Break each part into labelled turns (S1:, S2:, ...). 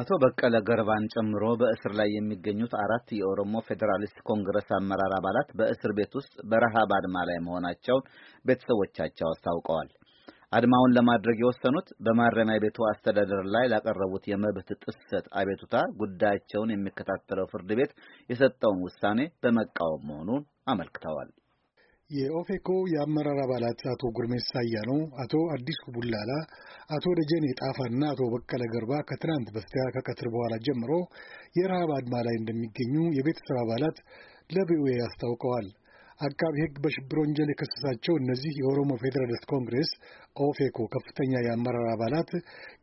S1: አቶ በቀለ ገርባን ጨምሮ በእስር ላይ የሚገኙት አራት የኦሮሞ ፌዴራሊስት ኮንግረስ አመራር አባላት በእስር ቤት ውስጥ በረሃብ አድማ ላይ መሆናቸውን ቤተሰቦቻቸው አስታውቀዋል። አድማውን ለማድረግ የወሰኑት በማረሚያ ቤቱ አስተዳደር ላይ ላቀረቡት የመብት ጥሰት አቤቱታ ጉዳያቸውን የሚከታተለው ፍርድ ቤት የሰጠውን ውሳኔ በመቃወም መሆኑን አመልክተዋል።
S2: የኦፌኮ የአመራር አባላት አቶ ጉርሜሳ አያኖ፣ አቶ አዲሱ ቡላላ፣ አቶ ደጀኔ ጣፋና አቶ በቀለ ገርባ ከትናንት በስቲያ ከቀትር በኋላ ጀምሮ የረሃብ አድማ ላይ እንደሚገኙ የቤተሰብ አባላት ለቪኦኤ አስታውቀዋል። አቃቢ ሕግ በሽብር ወንጀል የከሰሳቸው እነዚህ የኦሮሞ ፌዴራሊስት ኮንግሬስ ኦፌኮ ከፍተኛ የአመራር አባላት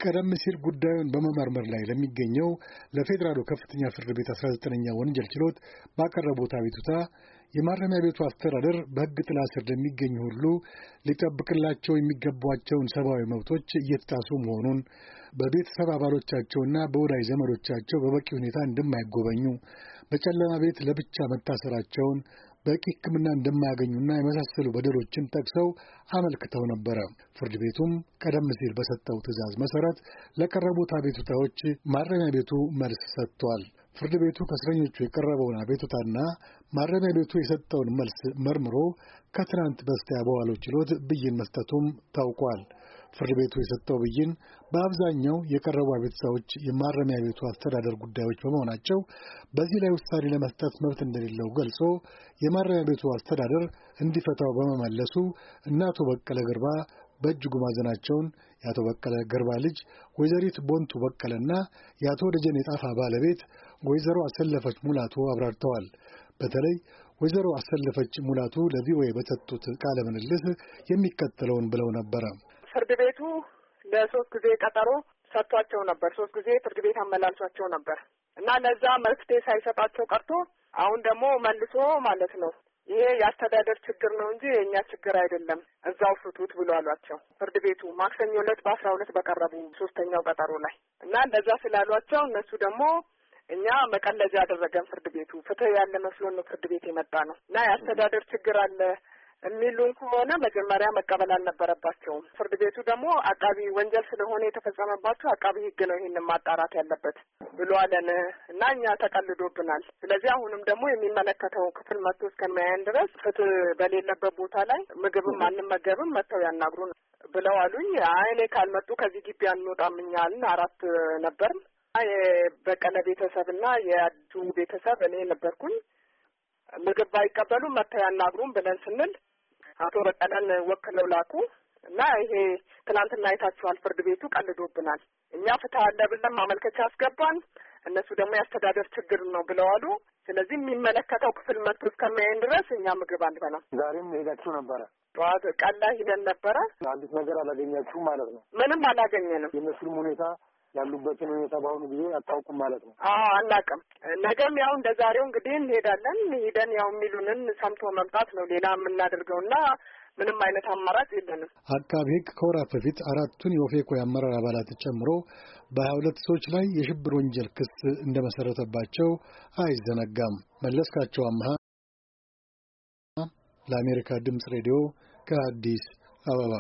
S2: ቀደም ሲል ጉዳዩን በመመርመር ላይ ለሚገኘው ለፌዴራሉ ከፍተኛ ፍርድ ቤት 19ኛ ወንጀል ችሎት ባቀረቡት አቤቱታ የማረሚያ ቤቱ አስተዳደር በሕግ ጥላ ስር ለሚገኙ ሁሉ ሊጠብቅላቸው የሚገቧቸውን ሰብአዊ መብቶች እየተጣሱ መሆኑን በቤተሰብ አባሎቻቸውና በወዳጅ ዘመዶቻቸው በበቂ ሁኔታ እንደማይጎበኙ፣ በጨለማ ቤት ለብቻ መታሰራቸውን በቂ ሕክምና እንደማያገኙና የመሳሰሉ በደሎችን ጠቅሰው አመልክተው ነበረ። ፍርድ ቤቱም ቀደም ሲል በሰጠው ትዕዛዝ መሰረት ለቀረቡት አቤቱታዎች ማረሚያ ቤቱ መልስ ሰጥቷል። ፍርድ ቤቱ ከእስረኞቹ የቀረበውን አቤቱታና ማረሚያ ቤቱ የሰጠውን መልስ መርምሮ ከትናንት በስቲያ በዋለው ችሎት ብይን መስጠቱም ታውቋል። ፍርድ ቤቱ የሰጠው ብይን በአብዛኛው የቀረቡ አቤቱታዎች የማረሚያ ቤቱ አስተዳደር ጉዳዮች በመሆናቸው በዚህ ላይ ውሳኔ ለመስጠት መብት እንደሌለው ገልጾ የማረሚያ ቤቱ አስተዳደር እንዲፈታው በመመለሱ እነ አቶ በቀለ ገርባ በእጅጉ ማዘናቸውን የአቶ በቀለ ገርባ ልጅ ወይዘሪት ቦንቱ በቀለና የአቶ ደጀኔ ጣፋ ባለቤት ወይዘሮ አሰለፈች ሙላቱ አብራርተዋል። በተለይ ወይዘሮ አሰለፈች ሙላቱ ለቪኦኤ በሰጡት ቃለ ምልልስ የሚከተለውን ብለው ነበረ።
S3: ፍርድ ቤቱ ለሶስት ጊዜ ቀጠሮ ሰጥቷቸው ነበር። ሶስት ጊዜ ፍርድ ቤት አመላልሷቸው ነበር እና ለዛ መፍትሄ ሳይሰጣቸው ቀርቶ አሁን ደግሞ መልሶ ማለት ነው ይሄ የአስተዳደር ችግር ነው እንጂ የእኛ ችግር አይደለም፣ እዛው ፍቱት ብሎ አሏቸው ፍርድ ቤቱ ማክሰኞ ዕለት በአስራ ሁለት በቀረቡ ሶስተኛው ቀጠሮ ላይ እና እንደዛ ስላሏቸው እነሱ ደግሞ እኛ መቀለጃ ያደረገን ፍርድ ቤቱ ፍትህ ያለ መስሎን ነው ፍርድ ቤት የመጣ ነው እና የአስተዳደር ችግር አለ የሚሉን ከሆነ መጀመሪያ መቀበል አልነበረባቸውም። ፍርድ ቤቱ ደግሞ አቃቢ ወንጀል ስለሆነ የተፈጸመባቸው አቃቢ ህግ ነው ይህንን ማጣራት ያለበት ብሏለን እና እኛ ተቀልዶብናል። ስለዚህ አሁንም ደግሞ የሚመለከተው ክፍል መጥቶ እስከሚያየን ድረስ ፍትህ በሌለበት ቦታ ላይ ምግብም አንመገብም፣ መጥተው ያናግሩን ብለው አሉኝ። አይኔ ካልመጡ ከዚህ ግቢ አንወጣም እኛ አራት ነበርን። የበቀለ ቤተሰብ እና የአዱ ቤተሰብ እኔ ነበርኩኝ። ምግብ ባይቀበሉ መጥተው ያናግሩን ብለን ስንል አቶ በቀለን ወክለው ላኩ እና ይሄ ትናንትና አይታችኋል፣ ፍርድ ቤቱ ቀልዶብናል። እኛ ፍትህ አለ ብለን ማመልከቻ አስገባን፣ እነሱ ደግሞ የአስተዳደር ችግር ነው ብለው አሉ። ስለዚህ የሚመለከተው ክፍል መጥቶ እስከሚያይን ድረስ እኛ ምግብ አንበላም።
S2: ዛሬም ሄዳችሁ
S3: ነበረ? ጠዋት ቀላ ሂደን ነበረ። አዲስ ነገር አላገኛችሁም ማለት ነው? ምንም አላገኘንም። የእነሱንም ሁኔታ
S2: ያሉበትን ሁኔታ በአሁኑ ጊዜ አታውቁም ማለት ነው?
S3: አዎ አናውቅም። ነገም ያው እንደ ዛሬው እንግዲህ እንሄዳለን። ሂደን ያው የሚሉንን ሰምቶ መምጣት ነው ሌላ የምናደርገው እና ምንም አይነት አማራጭ
S2: የለንም። አቃቢ ሕግ ከወራት በፊት አራቱን የኦፌኮ የአመራር አባላት ጨምሮ በሀያ ሁለት ሰዎች ላይ የሽብር ወንጀል ክስ እንደመሰረተባቸው አይዘነጋም። መለስካቸው አምሃ ለአሜሪካ ድምፅ ሬዲዮ ከአዲስ አበባ